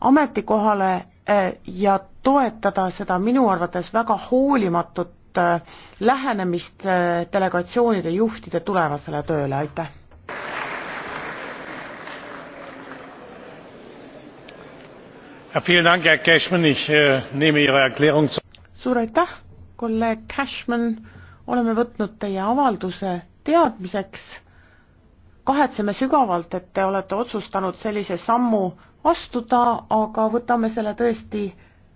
ametikohale eh, ja toetada seda minu arvates väga hoolimatut eh, lähenemist eh, delegatsioonide juhtide tulevasele tööle, aitäh! Äh, suur aitäh, kolleeg Cashman, oleme võtnud teie avalduse teadmiseks kahetseme sügavalt, et te olete otsustanud sellise sammu astuda, aga võtame selle tõesti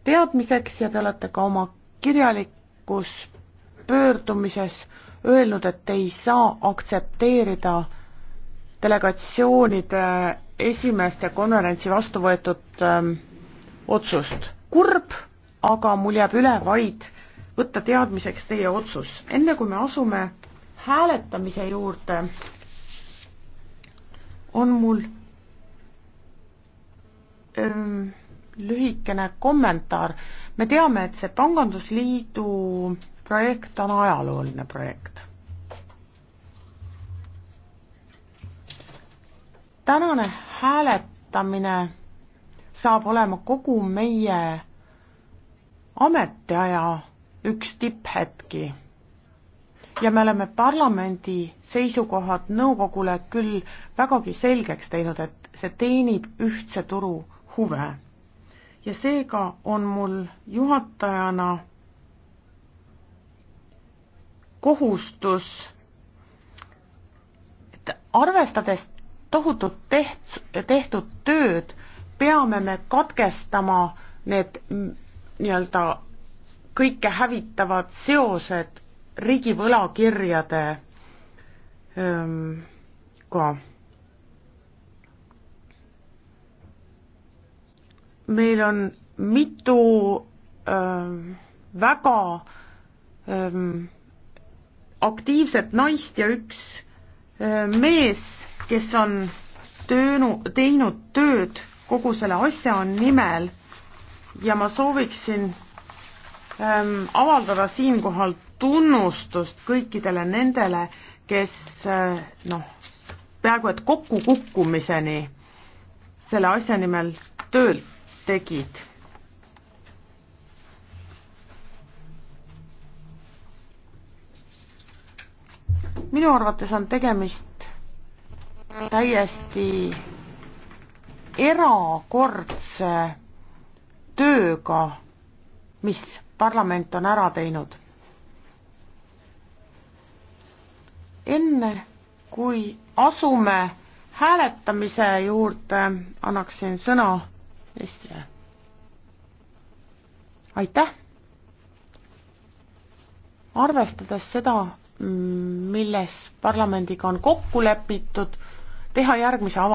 teadmiseks ja te olete ka oma kirjalikus pöördumises öelnud, et ei saa aktsepteerida delegatsioonide esimeeste konverentsi vastu võetud öö, ähm, otsust. kurb, aga mul jääb üle vaid võtta teadmiseks teie otsus. enne kui me asume hääletamise juurde, on mul öö, ähm, lühikene kommentaar. me teame, et see Pangandusliidu projekt on ajalooline projekt. tänane hääletamine saab olema kogu meie ametiaja üks tipphetki ja me oleme parlamendi seisukohad nõukogule küll vägagi selgeks teinud, et see teenib ühtse turu huve. ja seega on mul juhatajana kohustus, et arvestades tohutut teht-, tehtud tööd, peame me katkestama need nii-öelda kõike hävitavad seosed riigi võlakirjade ähm, ka. meil on mitu öö, ähm, väga öö, ähm, aktiivset naist ja üks öö, äh, mees, kes on töönu, teinud tööd kogu selle asja nimel ja ma sooviksin ähm, avaldada siinkohal tunnustust kõikidele nendele, kes äh, noh, peaaegu et kokkukukkumiseni selle asja nimel tööd tegid. minu arvates on tegemist täiesti erakordse tööga mis parlament on ära teinud. enne kui asume hääletamise juurde, annaksin sõna ministrile. aitäh! arvestades seda, milles parlamendiga on kokku lepitud, teha järgmise avalduse.